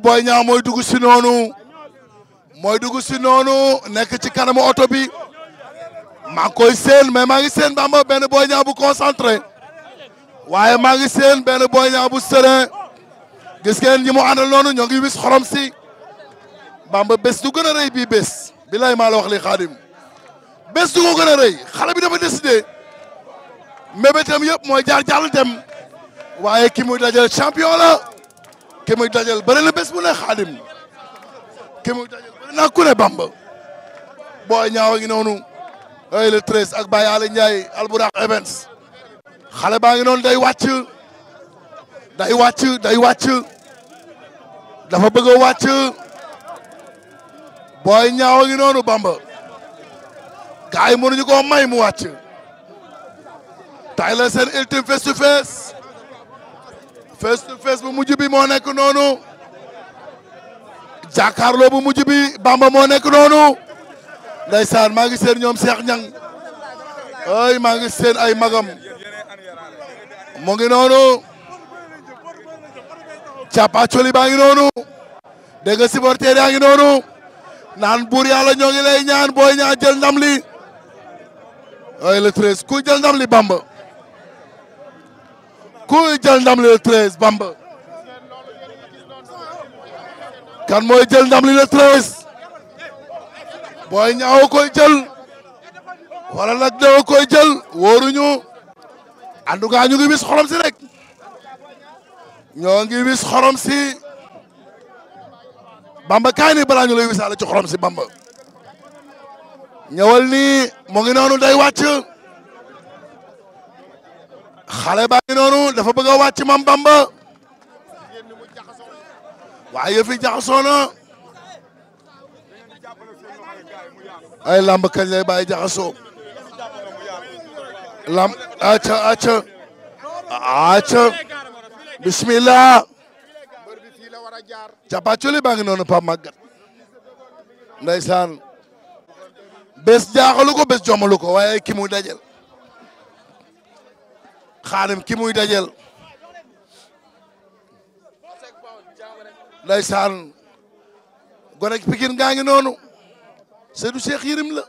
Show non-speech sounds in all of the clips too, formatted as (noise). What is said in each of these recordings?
Boy ñaa mooy dugg si noonu mooy dugg si noonu nekk ci kanamu oto bi maa koy seen mais maa ngi seen Bamba benn Boy Niang bu concentré waaye maa ngi seen benn Boy Niang bu serein gis ngeen ñi mu àndal noonu ñoo ngi wis xorom si Bamba bés du gën a rëy bii bés bilaay maa la wax li xaadim bés du gën a rëy xale bi dafa décidé mébétam yëpp mooy jaar jàll dem waaye ki muy dajal champion la ki muy dajal bëri na bés bu ne xaadim ki muy dajal bëri naa ku ne bamba booy ñaawa ngi noonu ay le treize ak Baye Aly Ndiaye Albourakh Events xale baa ngi noonu day wàcc day wàcc day wàcc dafa bëgg a wàcc booy ñaawa ngi noonu bamba gars yi mënuñu koo may mu wàcc tay la seen ultime to face face to face bu mujj moo nekk noonu jàkkaarloo bu mujj bi Bamba moo nekk noonu ndeysaan maa ngi seen ñoom Cheikh Niang ay maa ngi seen ay magam mu ngi noonu capacoli baa ngi noonu dégg nga supporter yaa ngi noonu naan buur yàlla ñoo ngi lay ñaan booy ñaa jël ndam li ay le treize ku jël ndam li Bamba kuy jël ndam li le treize kan mooy jël ndam li le treize Boy Niang koy jël wala Lac de koy jël wóoruñu en tout cas ñu ngi wis xorom rek ñoo ngi wis xorom si Bamba kaay ni balaa ñu lay wisaale ci xorom si Bamba ñëwal nii mu noonu day wàcc xale baa ngi noonu dafa bëgg a mam bamba waaye yëf yi ay lamb kañ lay bàyyi jaxasoo lamb acca acca acca bismillah capacoli baa ngi noonu pa màggat ndeysaan bés jaaxalu ko bés jomalu ko waaye ki mu dajel xaadim ki muy dajel ndeysaan gonek Pikine gaa ngi noonu Seydou Cheikh Yérim la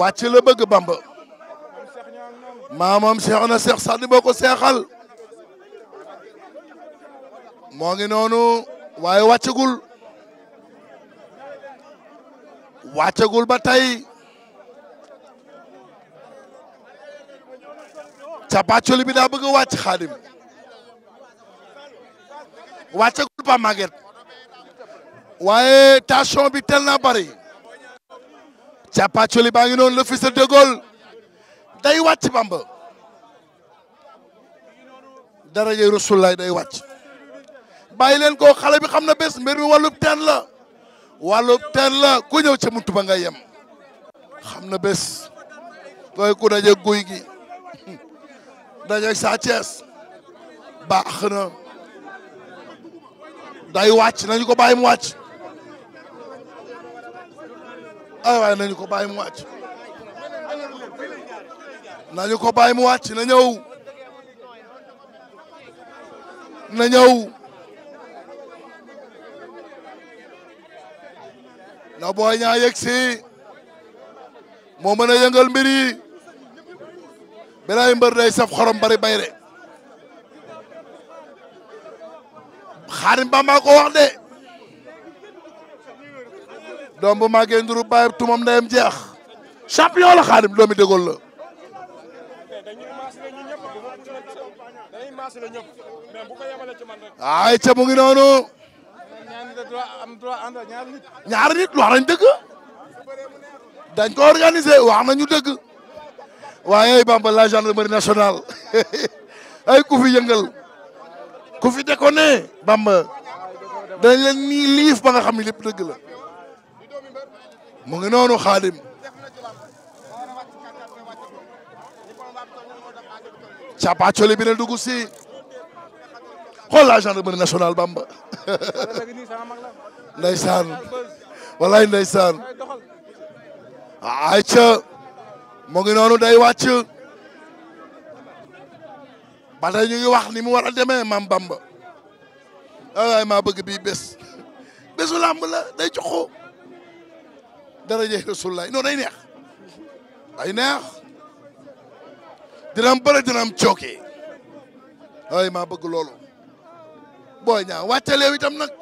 wàcc la bëgg Bamba maamam Cheikh na Cheikh Sadi boo ko seexal moo ngi noonu waaye wàccagul wàccagul ba tey capacoli bi daa bëgg a wàcc xaadim wàccagul pa màgget waaye tension bi tel na bari capacoli baa ngi noonu le fils de Gaulle day wàcc bamba daraje Rasulullah day wàcc bàyyi leen ko xale bi xam na bés mbir mi wàllub teen la wàllub teen la ku ñëw ca muntu ba ngay yem xam na bés koy ku daje guy gi dañuy Sa Thiès baax na day wàcc nañu ko bàyyi mu wàcc ay waay nañu ko bàyyi mu wàcc nañu ko bàyyi mu wàcc na ñëw na ñëw na booy ñaa yegg si moo mën a yëngal mbir biraay mbër day saf xorom bari bay de xaarim bamba ko wax de doom bu màggee nduru bàyyi tumam ndeyam jeex champion la xaarim doomi dégool la ay ca mu noonu ñaari nit wax dëgg dañ ko organiser wax nañu dëgg waaye ay Bamba la gendarmerie nationale (laughs) ay ku fi yëngal ku fi déconné Bamba danañ leen nii liif ba nga xam ne lépp dëgg la mu ngi noonu xaadim capacole bi ne dugg si xool la gendarmerie nationale Bamba (laughs) ndeysaan wallaay ndeysaan ayca mu ngi noonu day wàcc ba ñu ngi wax ni mu war a demee maam Bamba waaye maa bëgg bii bés (laughs) bésu làmb la day joxoo dara jeex Rasulullah non day neex day neex dina am bëre dina am cooke waaye maa bëgg loolu booy ñaa wàccaleew itam nag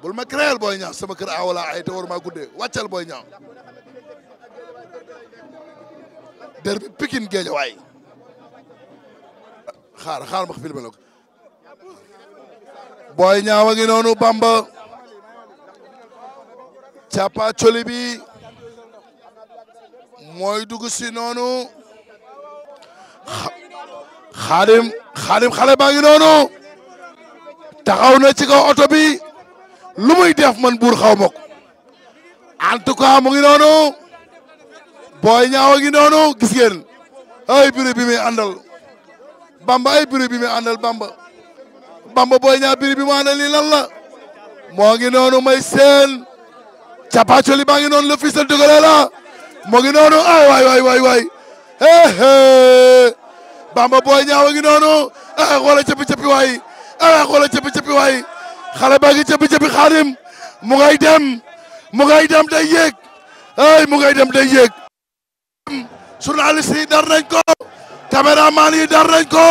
bul ma créer booy ñaa sama kër aawala ay te war maa guddee wàccal booy ñaa pikin Pikine Guédiawaye xaar xaar ma filmé la booy ñaawa noonu bamba càppa coli bi mooy dugg si noonu xaadim xale baa ngi noonu taxaw na ci kaw oto bi lu muy def man buur xaw ma ko en noonu boy ñaaw gi nonu gis ngeen ay biri bi mi andal bamba ay biri bi mi andal bamba bamba boy ñaaw biri bi mo andal lii lan la mo ngi nonu may seen chapacho li ngi noonu le fils de gola la mo ngi nonu ay way way way he eh, eh. he bamba boy ñaaw gi nonu ay eh, xoola cëppi cëppi way ay xoola cëppi cëppi way xala ba gi cëppi cëppi xarim mu ngay dem mu ngay dem day yek ay mu ngay dem day yek journaliste yi dar nañ ko caméraman yi dar nañ ko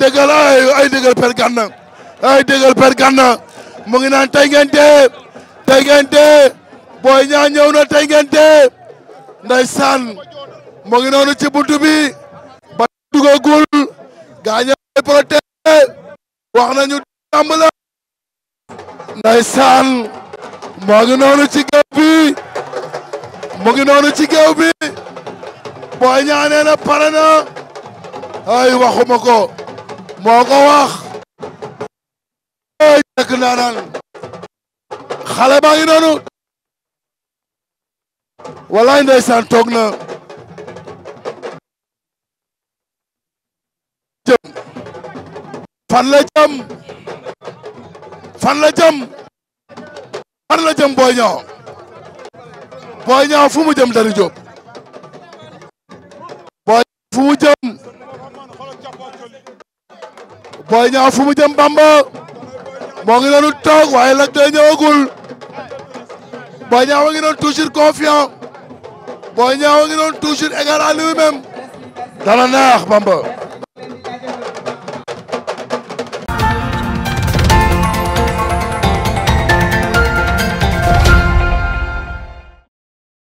dëggal ay ay dëggal per gànna ay dëggal per gànna mu ngi naan tey ngeen dee tey ngeen dee booy ñaa ñëw na tey ngeen dee ndeysaan mu ngi noonu ci buntu bi ba dugagul gaañ ay protégé wax nañu tàmb la ndeysaan mu ngi noonu ci géew bi mu ngi noonu ci géew bi Boy Niang pare na ay waxuma ko moo ko wax ay nekk ndaanaan xale baa ngi noonu wallaay ndeysaan toog na jëm fan la jëm fan la jëm fan la jëm Boy Niang fu mu jëm dari Diop Boy Niang fu mu jëm Bamba moo ngi doon toog waaye Lac de ñëwagul Boy Niang wa ngi doon toujours confiant Boy Niang wa ngi doon toujours égal à lui-même Bamba